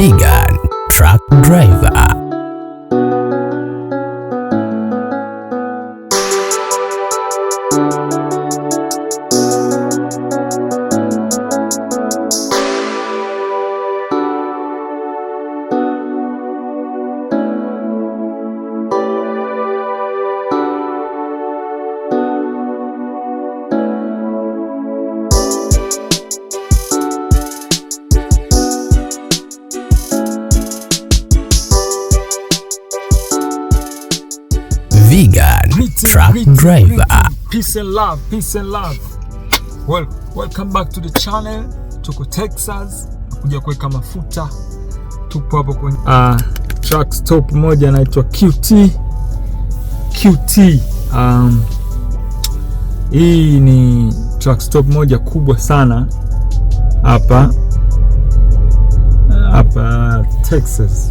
kaibigan, truck driver. Vegan Truck Driver. Peace and love, peace and love. Well, welcome back to the channel. Tuko Texas, kuja kuweka mafuta. Tupo hapo kwenye uh, truck stop moja inaitwa QT QT. Um, hii ni truck stop moja kubwa sana hapa hapa Texas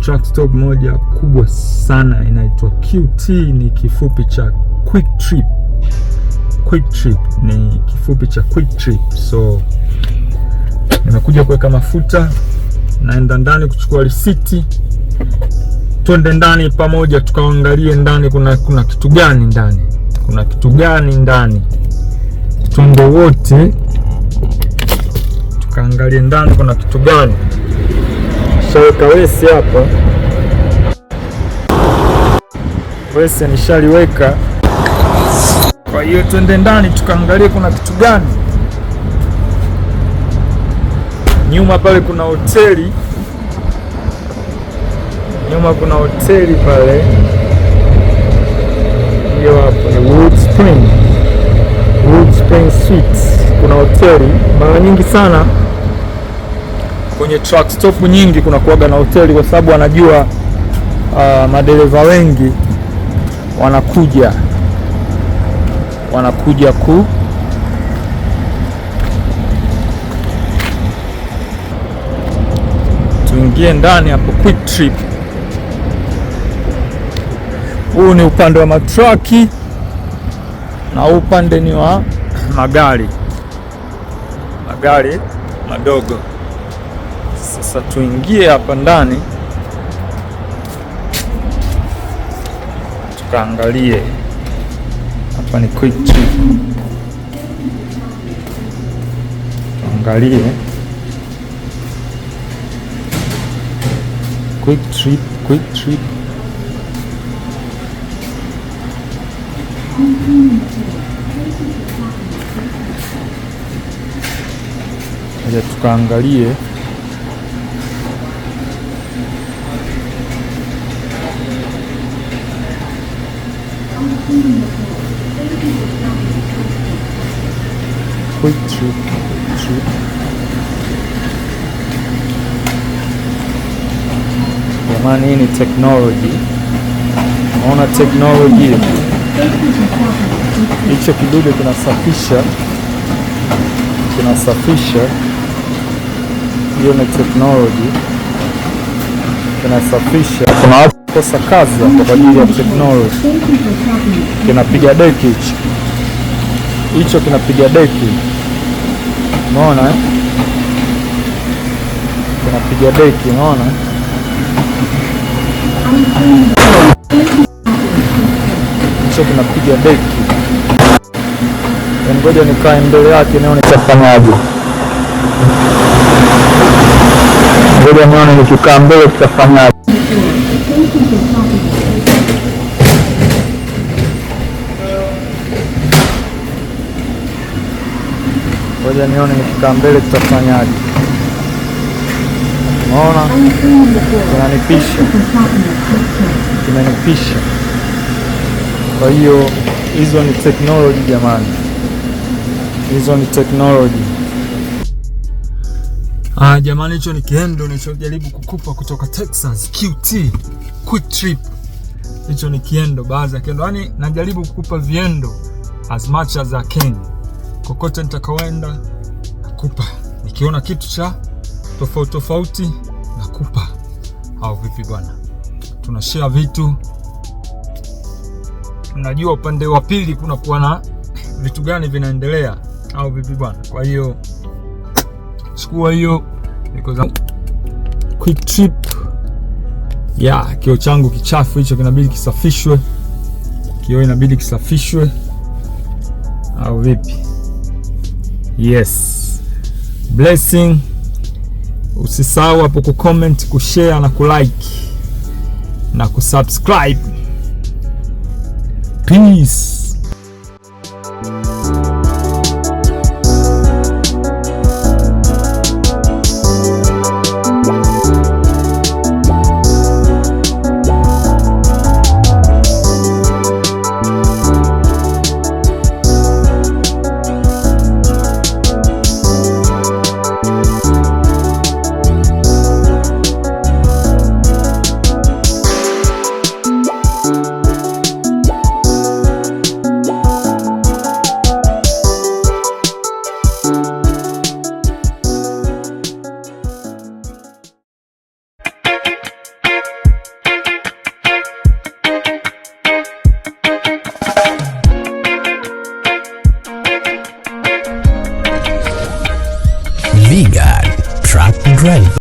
track stop moja kubwa sana inaitwa QT, ni kifupi cha Quick Trip. Quick Trip ni kifupi cha Quick Trip. So nimekuja kuweka mafuta, naenda ndani kuchukua risiti. Twende ndani pamoja tukaangalie ndani kuna, kuna kitu gani ndani, kuna kitu gani ndani. Twende wote tukaangalie ndani kuna kitu gani. Shaweka wesi hapa, wesi nishaliweka. Kwa hiyo twende ndani tukaangalie kuna kitu gani. Nyuma pale kuna hoteli, nyuma kuna hoteli pale, hiyo hapo ni Wood Spring, Wood Spring Suites. Kuna hoteli mara nyingi sana kwenye truck stop nyingi kuna kuaga na hoteli kwa sababu wanajua uh, madereva wengi wanakuja wanakuja ku tuingie ndani hapo. Quick Trip, huu ni upande wa matraki na upande ni wa magari magari madogo. Sasa tuingie hapa ndani tukaangalie. Hapa ni quick trip, tuangalie quick trip, quick trip Ya tukaangalie Quick trip, quick trip. Jamani, hii ni teknoloji, naona teknoloji. Hicho kidude kinasafisha, kinasafisha. Hiyo ni teknoloji kinasafisha, kuna watu kosa kazi hapo kwa ajili ya teknoloji. Kinapiga deki hichi hicho, kinapiga deki, unaona eh? Kinapiga deki, unaona hicho, kinapiga deki. Ngoja nikae mbele yake nione nitafanyaje tunakuja nyona ile mbele tutafanya Ngoja nione nikikaa mbele tutafanyaje. Unaona? Kinanipisha. Kinanipisha. Kwa hiyo hizo ni teknoloji jamani. Hizo ni teknoloji Ah, jamani hicho ni kiendo nilichojaribu kukupa kutoka Texas QT Quick Trip. Hicho ni kiendo, baadhi ya kiendo. Yaani najaribu kukupa viendo as much as I can. Kokote nitakaoenda nakupa. Nikiona kitu cha tofauti tofauti nakupa. Au vipi bwana? Tunashare vitu. Unajua upande wa pili kuna kuwa na vitu gani vinaendelea au vipi bwana? Kwa hiyo chukua hiyo quick trip ya yeah. changu kichafu hicho kinabidi kisafishwe, kio inabidi kisafishwe au vipi? Yes, blessing. Usisahau hapo ku kushare na kulike na kusubscribe. Peace.